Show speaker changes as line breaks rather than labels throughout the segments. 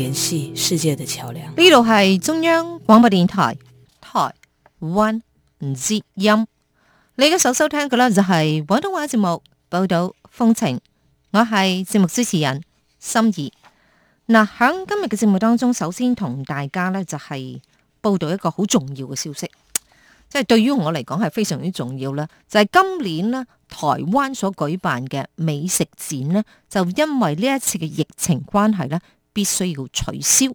聯繫世界的橋樑。呢度係中央廣播電台台灣唔接音。你而家所收聽嘅呢，就係廣東話節目報道風情。我係節目主持人心儀嗱。響今日嘅節目當中，首先同大家呢，就係、是、報道一個好重要嘅消息，即、就、係、是、對於我嚟講係非常之重要啦。就係、是、今年呢，台灣所舉辦嘅美食展呢，就因為呢一次嘅疫情關係呢。必須要取消。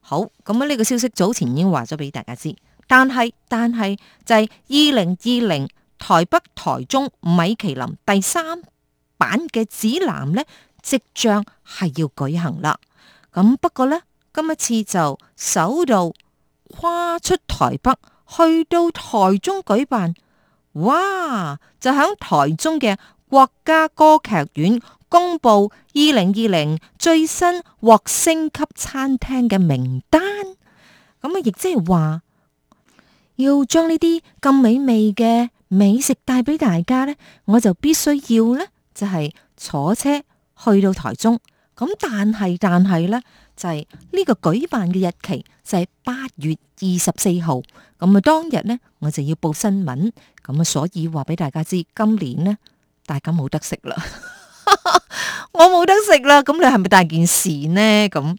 好，咁啊，呢個消息早前已經話咗俾大家知，但係但係就係二零二零台北台中米其林第三版嘅指南呢，即將係要舉行啦。咁不過呢，今一次就首度跨出台北去到台中舉辦，哇！就響台中嘅國家歌劇院。公布二零二零最新獲星級餐廳嘅名單，咁啊，亦即係話要將呢啲咁美味嘅美食帶俾大家呢，我就必須要呢，就係坐車去到台中。咁但係但係呢就係、是、呢個舉辦嘅日期就係八月二十四號。咁啊，當日呢，我就要報新聞，咁啊，所以話俾大家知，今年呢，大家冇得食啦。我冇得食啦，咁你係咪大件事呢？咁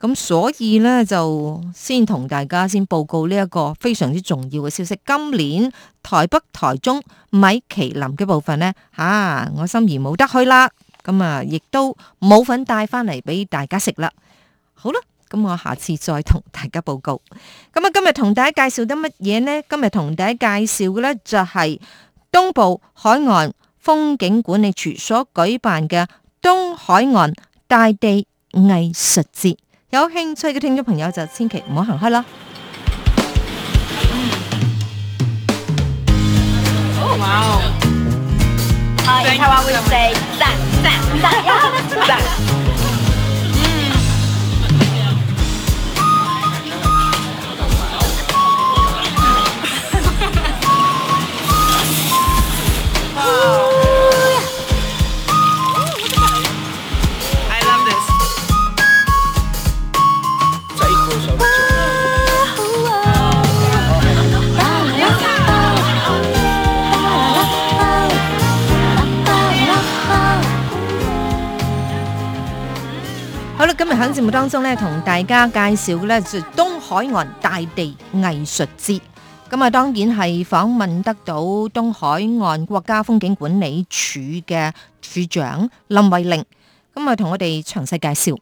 咁所以咧就先同大家先報告呢一個非常之重要嘅消息。今年台北、台中米其林嘅部分咧，吓我心而冇得去啦，咁啊亦都冇份帶翻嚟俾大家食啦。好啦，咁我下次再同大家報告。咁啊，今日同大家介紹啲乜嘢呢？今日同大家介紹嘅咧就係東部海岸，風景管理處所舉辦嘅東海岸大地藝術節，有興趣嘅聽眾朋友就千祈唔好行開啦。今日喺節目當中咧，同大家介紹咧，就係東海岸大地藝術節。咁啊，當然係訪問得到東海岸國家風景管理處嘅處長林慧玲。咁啊，同我哋詳細介紹。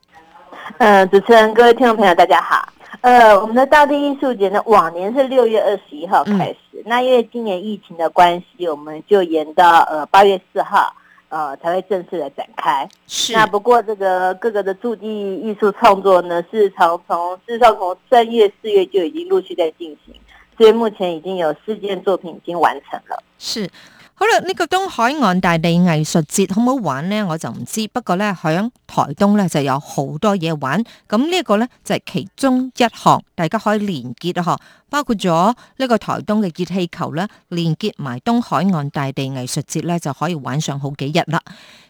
誒，主持人、各位聽眾朋友，大家好。誒、呃，我們的大地藝術節呢，往年是六月
二十一號開始，嗯、那因為今年疫情的關係，我們就延到誒呃、八月四號。呃，才會正式的展開。是，那不過這個各個的駐地藝術創作呢，是從從至少從三月、四月就已經陸續在進行，所以目前已經有四件作品已經完成了。是。
好啦，呢個東海岸大地藝術節好唔好玩呢？我就唔知，不過呢，響台東呢就有好多嘢玩，咁呢個呢，就係其中一項，大家可以連結，學包括咗呢個台東嘅熱氣球呢，連結埋東海岸大地藝術節呢，就可以玩上好幾日啦。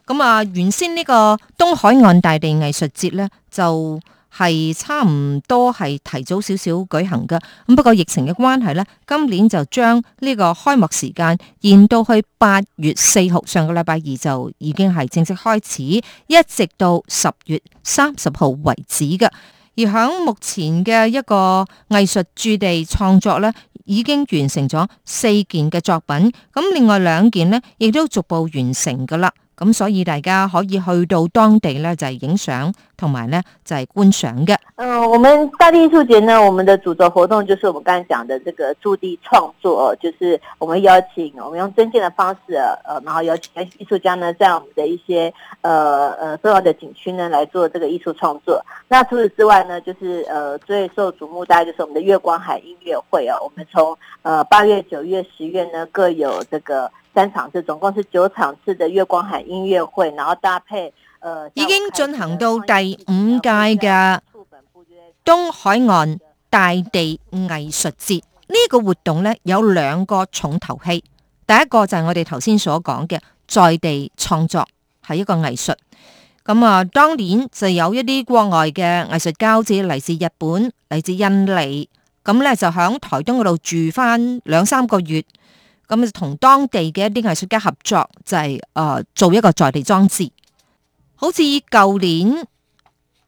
咁啊，原先呢個東海岸大地藝術節呢，就。係差唔多係提早少少舉行噶，咁不過疫情嘅關係呢，今年就將呢個開幕時間延到去八月四號，上個禮拜二就已經係正式開始，一直到十月三十號為止噶。而喺目前嘅一個藝術駐地創作呢，已經完成咗四件嘅作品，咁另外兩件呢，亦都逐步完成噶啦。咁、嗯、所以大家可以去到當地咧，就係影相，同埋咧就係、是、觀賞嘅。嗯、
呃，我們大地藝術節呢，我們的主軸活動就是我們剛才講的這個駐地創作，就是我們邀請，我們用徵件的方式、啊，呃，然後邀請藝術家呢，在我們的一些，呃呃重要的景區呢，來做這個藝術創作。那除此之外呢，就是，呃最受矚目，大概就是我們的月光海音樂會啊。我們從，呃八月、九月、十月呢各有這個。三場次，總共是九場次的
月光海音樂
會，然後搭配，
呃，已經進行到第五屆嘅東海岸大地藝術節呢、這個活動呢，有兩個重頭戲，第一個就係我哋頭先所講嘅在地創作，係一個藝術。咁啊，當年就有一啲國外嘅藝術家嚟自日本、嚟自印尼，咁呢，就響台東嗰度住返兩三個月。咁就同當地嘅一啲藝術家合作，就係、是、誒、呃、做一個在地裝置，好似舊年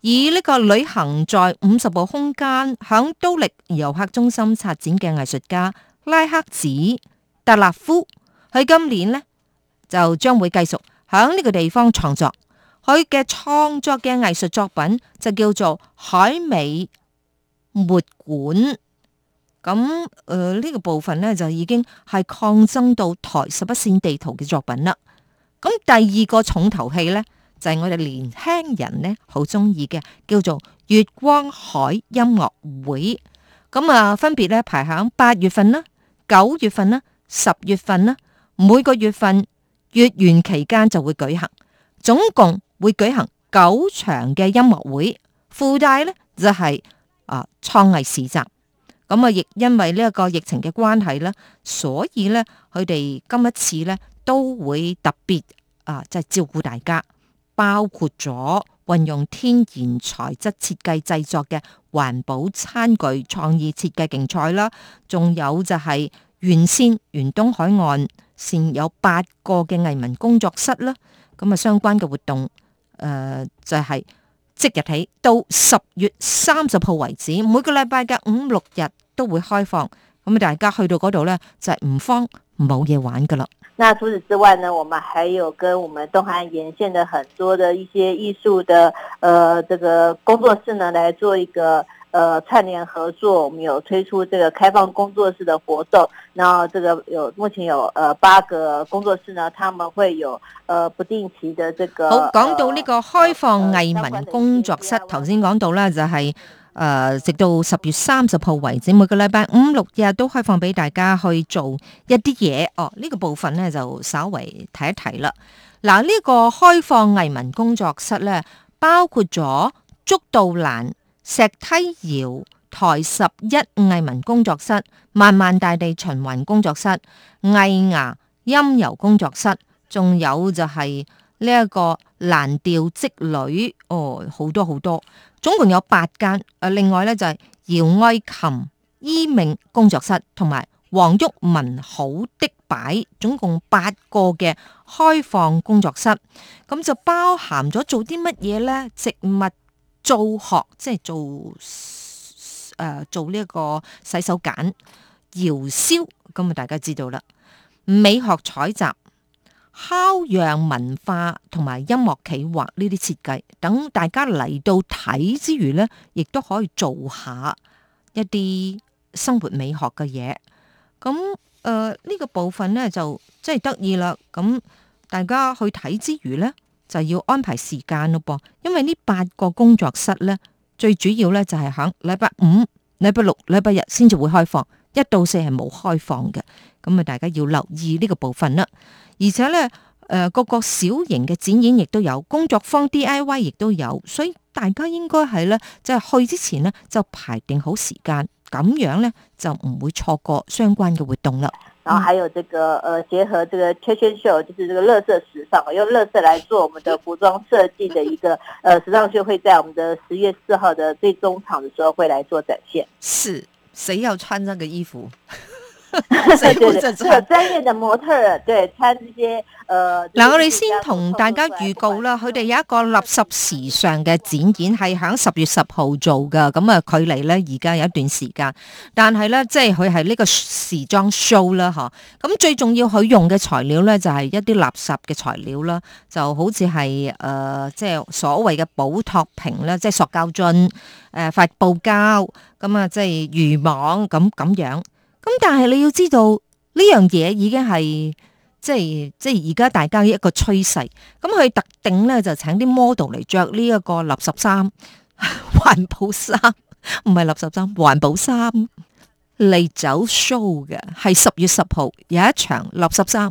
以呢個旅行在五十步空間響都力遊客中心策展嘅藝術家拉克子特勒夫，喺今年呢就將會繼續響呢個地方創作，佢嘅創作嘅藝術作品就叫做海美末館。咁誒，呢、呃這個部分咧就已經係擴增到台十一線地圖嘅作品啦。咁第二個重頭戲咧，就係、是、我哋年輕人咧好中意嘅，叫做月光海音樂會。咁啊，分別咧排響八月份啦、九月份啦、十月份啦，每個月份月圓期間就會舉行，總共會舉行九場嘅音樂會，附帶咧就係、是、啊、呃，創意市集。咁啊，亦因為呢一個疫情嘅關係呢，所以呢，佢哋今一次呢都會特別啊，即係照顧大家，包括咗運用天然材質設計製作嘅環保餐具創意設計競賽啦，仲有就係原先沿東海岸線有八個嘅藝文工作室啦，咁啊，相關嘅活動誒，就係、是。即日起到十月三十號為止，每個禮拜嘅五六日都會開放，咁大家去到嗰度呢，就係、是、唔慌冇嘢玩噶啦。
那除此之外呢，我們還有跟我們東海岸沿線的很多的一些藝術的，呃，這個工作室呢，來做一個。呃，串聯合作，我們有推出這個開放工作室的活動，然後這個有目前有呃八個工作室呢，他們會有呃不定期的這個。好，講到
呢個開放藝文工作室，頭先講到啦、就是，就係誒直到十月三十號為止，每個禮拜五六日都開放俾大家去做一啲嘢。哦，呢、這個部分呢，就稍微睇一睇啦。嗱、呃，呢、這個開放藝文工作室呢，包括咗竹道蘭。石梯窯台十一藝文工作室、萬萬大地循環工作室、藝牙音游工作室，仲有就係呢一個藍調積累哦，好多好多，總共有八間。誒、啊，另外咧就係、是、姚藝琴伊命工作室同埋黃旭文好的擺，總共八個嘅開放工作室，咁就包含咗做啲乜嘢咧？植物。做學即係做誒、呃、做呢一個洗手間搖燒，咁啊大家知道啦。美學採集、烤窯文化同埋音樂企劃呢啲設計，等大家嚟到睇之馀呢，亦都可以做一下一啲生活美學嘅嘢。咁誒呢個部分呢，就真係得意啦。咁大家去睇之餘呢，就要安排時間咯噃，因為呢八個工作室咧，最主要咧就係喺禮拜五、禮拜六、禮拜日先至會開放，一到四係冇開放嘅，咁啊大家要留意呢個部分啦。而且咧，誒各個小型嘅展演，亦都有，工作坊 DIY 亦都有，所以大家應該係咧就係去之前咧就排定好時間。咁樣咧就唔會錯過相關嘅活動啦。
然後還有這個，呃，結合這個脫靴秀，就是這個樂色時尚，用樂色來做我們的服裝設計的一個，呃，時尚秀，會在我們的十月四
號的最終場的時候會來做展現。是，誰要穿呢個衣服？
係，專業嘅模特，對、嗯，穿、嗯、啲，誒，嗱，我哋
先同大家預告啦，佢哋管有一個垃圾時尚嘅展演，係喺十月十號做噶，咁啊，距離咧而家有一段時間，但係咧，即係佢係呢個時裝 show 啦，吓，咁最重要佢用嘅材料咧就係一啲垃圾嘅材料啦，就好似係誒，即係所謂嘅寶特瓶啦，即係塑膠樽，誒、呃，發泡膠，咁啊，即係漁網，咁咁樣。咁但係你要知道呢樣嘢，已經係即係即係而家，大家一個趨勢。咁佢特定呢就請啲 model 嚟，着呢一個垃圾衫、環保衫，唔係垃圾衫，環保衫嚟走 show 嘅，係十月十號有一場垃圾衫。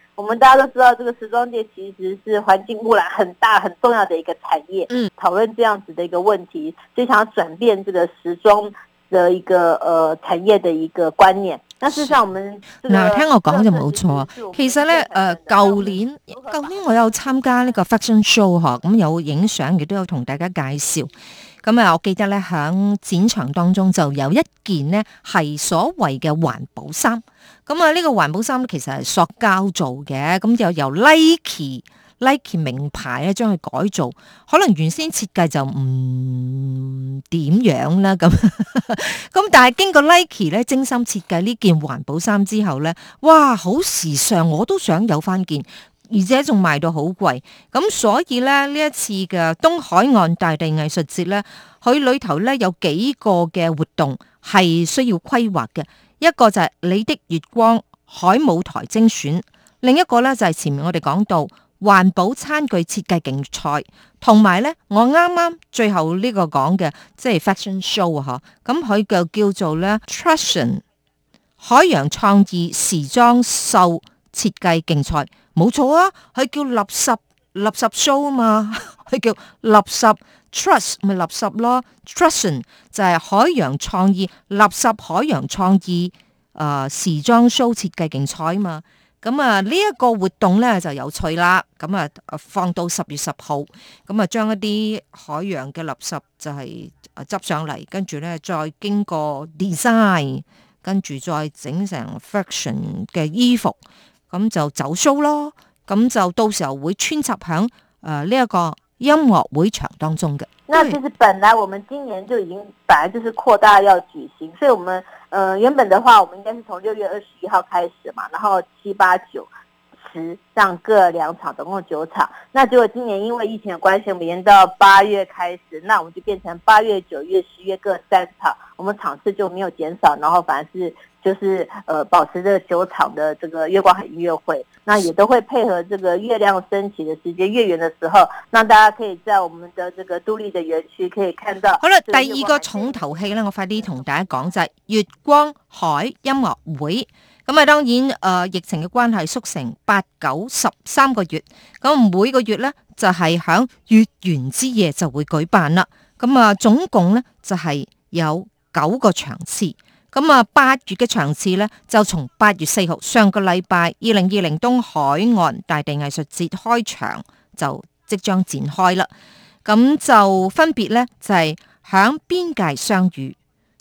我們大家都知道，這個時裝界其實是環境污染很大、很重要的一個產業。嗯，討論這樣子的一個問題，就想要轉變這個時裝的一個呃產業的一個觀念。但事實上，我們那、這個
嗯、聽我講就冇錯。其實呢呃，舊年舊、嗯、年我有參加呢個 Fashion Show，咁有影相，亦都有同大家介紹。咁啊、嗯，我記得咧，喺展場當中就有一件呢，係所謂嘅環保衫。咁、嗯、啊，呢、這個環保衫其實係塑膠做嘅，咁、嗯、就由 Nike、Nike 名牌咧將佢改造，可能原先設計就唔點、嗯、樣啦。咁、嗯、咁、嗯，但係經過 Nike 咧精心設計呢件環保衫之後咧，哇，好時尚，我都想有返件。而且仲賣到好貴，咁所以咧呢這一次嘅東海岸大地藝術節咧，佢裏頭咧有幾個嘅活動係需要規劃嘅。一個就係你的月光海舞台精選，另一個咧就係、是、前面我哋講到環保餐具設計競賽，同埋咧我啱啱最後呢個講嘅即係 fashion show 咁佢就叫做咧 trashion 海洋創意時裝秀設計競賽。冇錯啊，佢叫垃圾垃圾 show 啊嘛，佢叫垃圾 trash 咪垃圾咯 trashion 就係海洋創意垃圾海洋創意誒、呃、時裝 show 設計競賽啊嘛，咁啊呢一、這個活動咧就有趣啦，咁啊放到十月十號，咁啊將一啲海洋嘅垃圾就係執上嚟，跟住咧再經過 design，跟住再整成 fashion 嘅衣服。咁就走 show 咯，咁就到時候會穿插喺誒呢一個音樂會場當中嘅。
那其實本來我們今年就已經，本來就是擴大要舉行，所以，我們，嗯、呃，原本的話，我們應該是從六月二十一號開始嘛，然後七八九十上各兩場，總共九場。那結果今年因為疫情嘅關係，我們延到八月開始，那我們就變成八月、九月、十月各三場，我們場次就沒有減少，然後反而是。就是，誒、呃，保持這九場的這個月光海音樂會，那也都會配合這個月亮升起的時間，月圓的時候，那大家可以在我們的這個都歷的園區可以看到。好啦，第二個
重頭戲呢，我快啲同大家講就係、是、月光海音樂會，咁啊，當然誒、呃，疫情嘅關係縮成八九十三個月，咁每個月呢，就係、是、響月圓之夜就會舉辦啦，咁啊，總共呢，就係、是、有九個場次。咁啊，八月嘅場次呢，就從八月四號上個禮拜，二零二零東海岸大地藝術節開場就即將展開啦。咁就分別呢，就係、是、響邊界相遇，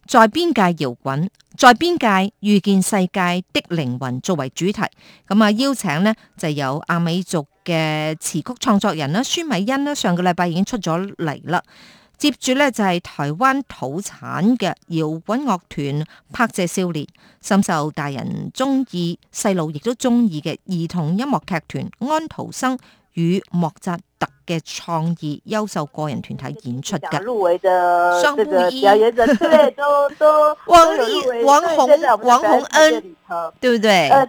在邊界搖滾，在邊界遇見世界的靈魂作為主題。咁啊，邀請呢，就有阿美族嘅詞曲創作人啦，孫美欣啦，上個禮拜已經出咗嚟啦。接住呢，就係台灣土產嘅搖滾樂團拍謝少年，深受大人中意，細路亦都中意嘅兒童音樂劇團安徒生與莫扎特嘅創意優秀個人團體演出嘅入
圍嘅布 都都，都 王王宏恩對，對？呃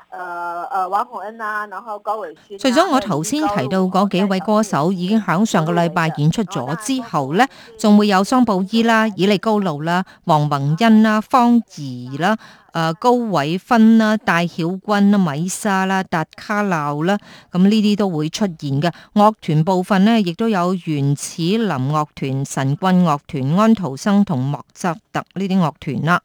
誒誒、呃呃，王宏
恩啊，然後高偉。除咗我頭先提到嗰幾位歌手已經喺上個禮拜演出咗之後呢，仲會有桑布伊啦、以利高露啦、黃宏恩啦、方怡啦、誒、呃、高偉芬啦、戴曉君啦、米莎啦、達卡鬧啦，咁呢啲都會出現嘅。樂團部分呢，亦都有原始林樂團、神棍樂團、安徒生同莫扎特呢啲樂團啦。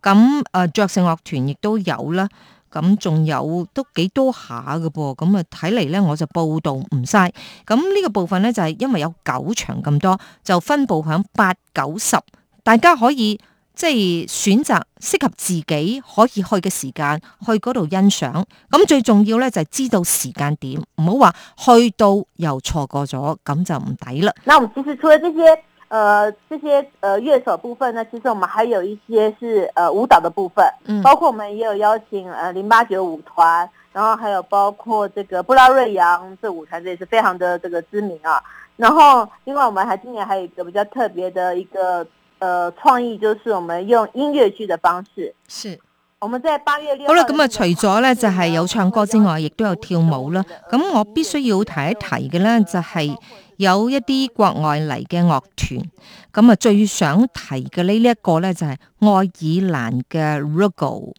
咁、嗯、誒，爵、呃、士樂團亦都有啦。咁仲有都幾多下㗎噃，咁啊睇嚟咧我就報道唔晒。咁呢個部分咧就係、是、因為有九場咁多，就分布響八九十，大家可以即係、就是、選擇適合自己可以去嘅時間去嗰度欣賞。咁最重要咧就係、是、知道時間點，唔好話去到又錯過咗，咁就唔抵啦。
嗱，我其實除咗呢啲。呃，這些呃，樂手部分呢，其實我們還有一些是呃舞蹈的部分，嗯，包括我們也有邀請呃零八九舞團，然後還有包括這個布拉瑞揚這舞團，這也是非常的這個知名啊。然後，另外我們還今年還有一個比較特別的一個呃創意，就是我們用音樂劇的方式。是，我們在八月六號。好啦，咁啊，除
咗呢就係、是、有唱歌之外，亦都有跳舞啦。咁我必須要提一提嘅呢就係、是。有一啲國外嚟嘅樂團，咁啊最想提嘅呢一個呢，就係愛爾蘭嘅 Rugal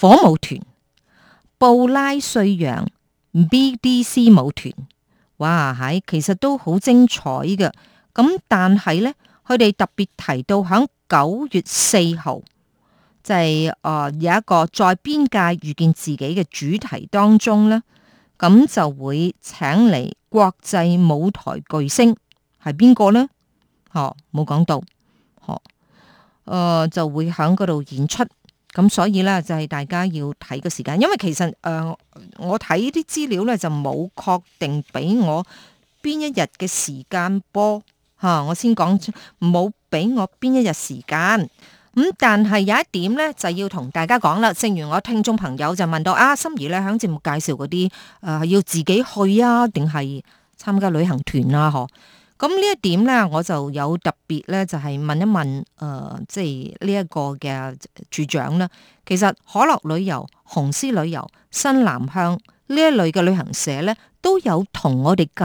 火舞團、布拉瑞揚 BDC 舞團，哇，係，其實都好精彩嘅。咁但係呢，佢哋特別提到喺九月四號，就係、是、誒、呃、有一個在邊界遇見自己嘅主題當中呢，咁就會請嚟。國際舞台巨星係邊個呢？哦，冇講到，哦，誒、呃、就會喺嗰度演出，咁所以咧就係大家要睇個時間，因為其實誒、呃、我睇啲資料咧就冇確定俾我邊一日嘅時間播吓、啊，我先講出冇俾我邊一日時間。咁但係有一點咧，就要同大家講啦。正如我聽眾朋友就問到啊，心儀咧喺節目介紹嗰啲、呃、要自己去啊，定係參加旅行團啦、啊？嗬。咁呢一點咧，我就有特別咧，就係、是、問一問、呃、即係呢一個嘅主掌啦。其實可樂旅遊、雄獅旅遊、新南向呢一類嘅旅行社咧。都有同我哋介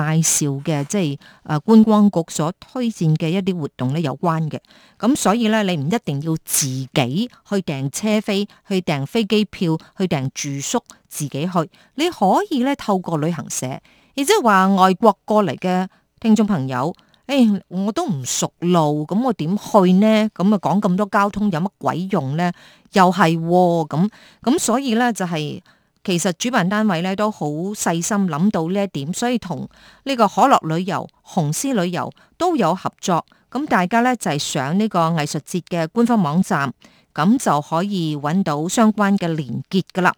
紹嘅，即係誒觀光局所推薦嘅一啲活動咧有關嘅。咁所以咧，你唔一定要自己去訂車飛、去訂飛機票、去訂住宿，自己去。你可以咧透過旅行社，亦即係話外國過嚟嘅聽眾朋友，誒、哎，我都唔熟路，咁我點去呢？咁啊講咁多交通有乜鬼用呢？又係咁咁，所以咧就係、是。其實主辦單位咧都好細心，諗到呢一點，所以同呢個可樂旅遊、雄獅旅遊都有合作。咁大家咧就係、係、上呢個藝術節嘅官方網站，咁就可以揾到相關嘅連結噶啦。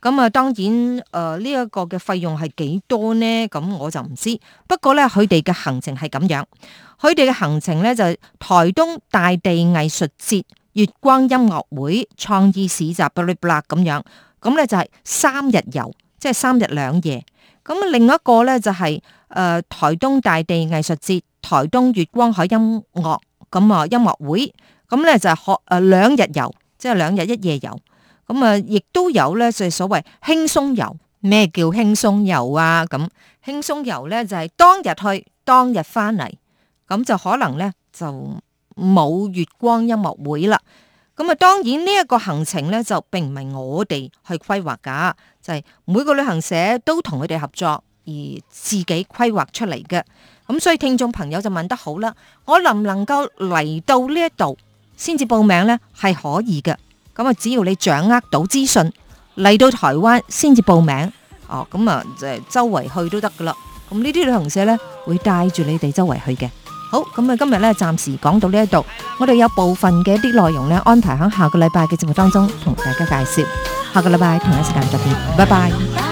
咁啊，當然呢一、呃這個嘅費用係幾多呢？咁我就唔知。不過咧，佢哋嘅行程係咁樣，佢哋嘅行程咧就係、台東大地藝術節、月光音樂會、創意市集，巴拉巴拉咁樣。咁咧就係三日遊，即係三日兩夜。咁另一個咧就係誒台東大地藝術節、台東月光海音樂咁啊音樂會。咁咧就係學誒兩日遊，即係兩日一夜遊。咁啊，亦都有咧，就係所謂輕鬆遊。咩叫輕鬆遊啊？咁輕鬆遊咧就係當日去，當日翻嚟。咁就可能咧就冇月光音樂會啦。咁啊，當然呢一個行程呢，就並唔係我哋去規劃噶，就係、是、每個旅行社都同佢哋合作而自己規劃出嚟嘅。咁所以聽眾朋友就問得好啦，我能唔能夠嚟到呢一度先至報名呢？係可以嘅。咁啊，只要你掌握到資訊嚟到台灣先至報名。哦，咁啊，就周圍去都得噶啦。咁呢啲旅行社呢，會帶住你哋周圍去嘅。好，咁啊，今日咧，暫時講到呢一度，我哋有部分嘅一啲內容咧安排喺下個禮拜嘅節目當中同大家介紹，下個禮拜同一時間再見，拜拜。